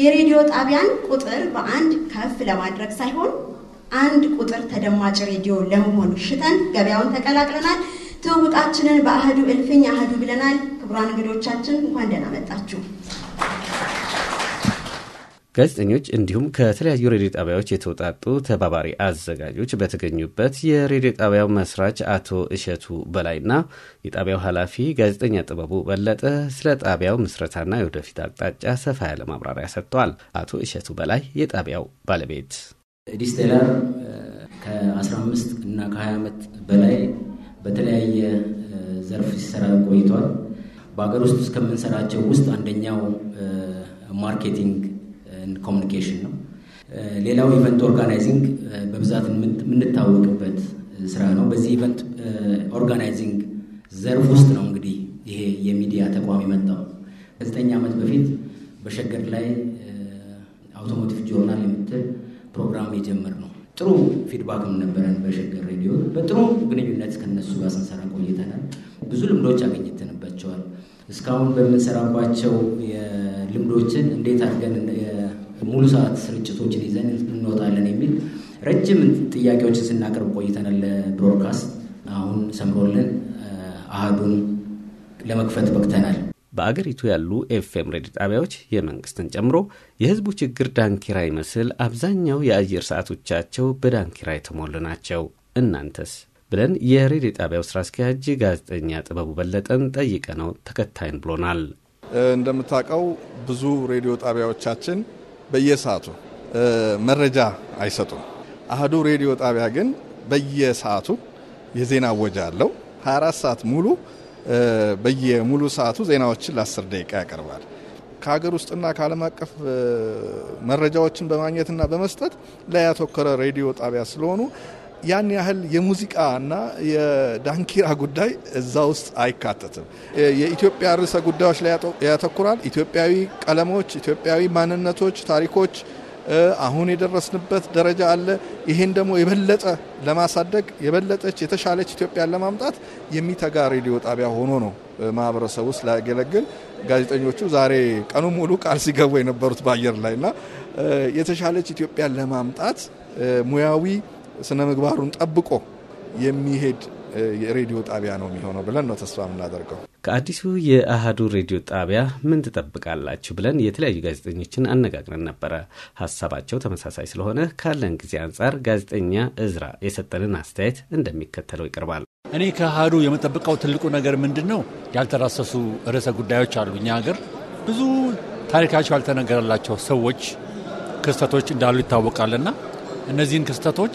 የሬዲዮ ጣቢያን ቁጥር በአንድ ከፍ ለማድረግ ሳይሆን አንድ ቁጥር ተደማጭ ሬዲዮ ለመሆን ሽተን ገበያውን ተቀላቅለናል። ትውውቃችንን በአህዱ እልፍኝ አህዱ ብለናል። ክቡራን እንግዶቻችን እንኳን ደህና መጣችሁ። ጋዜጠኞች እንዲሁም ከተለያዩ ሬዲዮ ጣቢያዎች የተውጣጡ ተባባሪ አዘጋጆች በተገኙበት የሬዲዮ ጣቢያው መስራች አቶ እሸቱ በላይና የጣቢያው ኃላፊ ጋዜጠኛ ጥበቡ በለጠ ስለ ጣቢያው ምስረታና የወደፊት አቅጣጫ ሰፋ ያለ ማብራሪያ ሰጥተዋል። አቶ እሸቱ በላይ የጣቢያው ባለቤት ኤዲስ ከ15 እና ከ20 ዓመት በላይ በተለያየ ዘርፍ ሲሰራ ቆይቷል። በሀገር ውስጥ እስከምንሰራቸው ውስጥ አንደኛው ማርኬቲንግ ኮሚኒኬሽን ነው። uh, ሌላው ኢቨንት ኦርጋናይዚንግ uh, በብዛት የምንታወቅበት ስራ ነው። በዚህ ኢቨንት ኦርጋናይዚንግ uh, ዘርፍ ውስጥ ነው እንግዲህ ይሄ የሚዲያ ተቋም የመጣው። ከዘጠኝ ዓመት በፊት በሸገር ላይ አውቶሞቲቭ ጆርናል የምትል ፕሮግራም የጀመር ነው። ጥሩ ፊድባክም ነበረን በሸገር ሬዲዮ። በጥሩ ግንኙነት ከነሱ ጋር ስንሰራ ቆይተናል። ብዙ ልምዶች አገኝተንባቸዋል። እስካሁን በምንሰራባቸው ልምዶችን እንዴት አድርገን ሙሉ ሰዓት ስርጭቶችን ይዘን እንወጣለን የሚል ረጅም ጥያቄዎችን ስናቀርብ ቆይተናል። ለብሮድካስት አሁን ሰምሮልን አህዱን ለመክፈት በቅተናል። በአገሪቱ ያሉ ኤፍኤም ሬዲዮ ጣቢያዎች የመንግስትን ጨምሮ የህዝቡ ችግር ዳንኪራ ይመስል አብዛኛው የአየር ሰዓቶቻቸው በዳንኪራ የተሞሉ ናቸው። እናንተስ ብለን የሬዲዮ ጣቢያው ስራ አስኪያጅ ጋዜጠኛ ጥበቡ በለጠን ጠይቀ ነው ተከታይን ብሎናል። እንደምታውቀው ብዙ ሬዲዮ ጣቢያዎቻችን በየሰዓቱ መረጃ አይሰጡም። አህዱ ሬዲዮ ጣቢያ ግን በየሰዓቱ የዜና አወጃ አለው። 24 ሰዓት ሙሉ በየሙሉ ሰዓቱ ዜናዎችን ለአስር ደቂቃ ያቀርባል። ከሀገር ውስጥና ከዓለም አቀፍ መረጃዎችን በማግኘትና በመስጠት ላይ ያተኮረ ሬዲዮ ጣቢያ ስለሆኑ ያን ያህል የሙዚቃ እና የዳንኪራ ጉዳይ እዛ ውስጥ አይካተትም። የኢትዮጵያ ርዕሰ ጉዳዮች ላይ ያተኩራል። ኢትዮጵያዊ ቀለሞች፣ ኢትዮጵያዊ ማንነቶች፣ ታሪኮች፣ አሁን የደረስንበት ደረጃ አለ። ይሄን ደግሞ የበለጠ ለማሳደግ የበለጠች የተሻለች ኢትዮጵያን ለማምጣት የሚተጋ ሬዲዮ ጣቢያ ሆኖ ነው ማህበረሰብ ውስጥ ላያገለግል ጋዜጠኞቹ ዛሬ ቀኑ ሙሉ ቃል ሲገቡ የነበሩት በአየር ላይ እና የተሻለች ኢትዮጵያን ለማምጣት ሙያዊ ስነ ምግባሩን ጠብቆ የሚሄድ የሬዲዮ ጣቢያ ነው የሚሆነው ብለን ነው ተስፋ የምናደርገው። ከአዲሱ የአህዱ ሬዲዮ ጣቢያ ምን ትጠብቃላችሁ ብለን የተለያዩ ጋዜጠኞችን አነጋግረን ነበረ። ሀሳባቸው ተመሳሳይ ስለሆነ ካለን ጊዜ አንጻር ጋዜጠኛ እዝራ የሰጠንን አስተያየት እንደሚከተለው ይቀርባል። እኔ ከአህዱ የምጠብቀው ትልቁ ነገር ምንድን ነው? ያልተዳሰሱ ርዕሰ ጉዳዮች አሉ። እኛ ሀገር ብዙ ታሪካቸው ያልተነገረላቸው ሰዎች ክስተቶች እንዳሉ ይታወቃልና እነዚህን ክስተቶች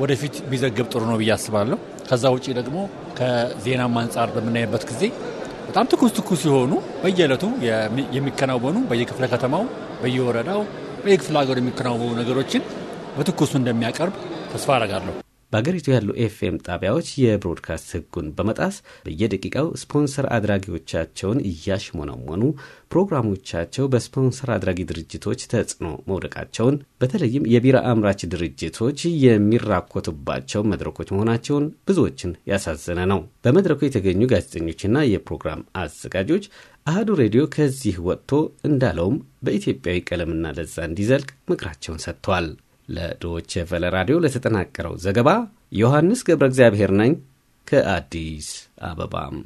ወደፊት ቢዘግብ ጥሩ ነው ብዬ አስባለሁ። ከዛ ውጭ ደግሞ ከዜናም አንጻር በምናይበት ጊዜ በጣም ትኩስ ትኩስ የሆኑ በየዕለቱ የሚከናወኑ በየክፍለ ከተማው፣ በየወረዳው፣ በየክፍለ ሀገሩ የሚከናወኑ ነገሮችን በትኩሱ እንደሚያቀርብ ተስፋ አረጋለሁ። በአገሪቱ ያሉ ኤፍኤም ጣቢያዎች የብሮድካስት ህጉን በመጣስ በየደቂቃው ስፖንሰር አድራጊዎቻቸውን እያሽሞነሞኑ ፕሮግራሞቻቸው በስፖንሰር አድራጊ ድርጅቶች ተጽዕኖ መውደቃቸውን በተለይም የቢራ አምራች ድርጅቶች የሚራኮቱባቸው መድረኮች መሆናቸውን ብዙዎችን ያሳዘነ ነው። በመድረኩ የተገኙ ጋዜጠኞችና የፕሮግራም አዘጋጆች አህዱ ሬዲዮ ከዚህ ወጥቶ እንዳለውም በኢትዮጵያዊ ቀለምና ለዛ እንዲዘልቅ ምክራቸውን ሰጥተዋል። ለዶች ቨለ ራዲዮ ለተጠናቀረው ዘገባ ዮሐንስ ገብረ እግዚአብሔር ነኝ ከአዲስ አበባም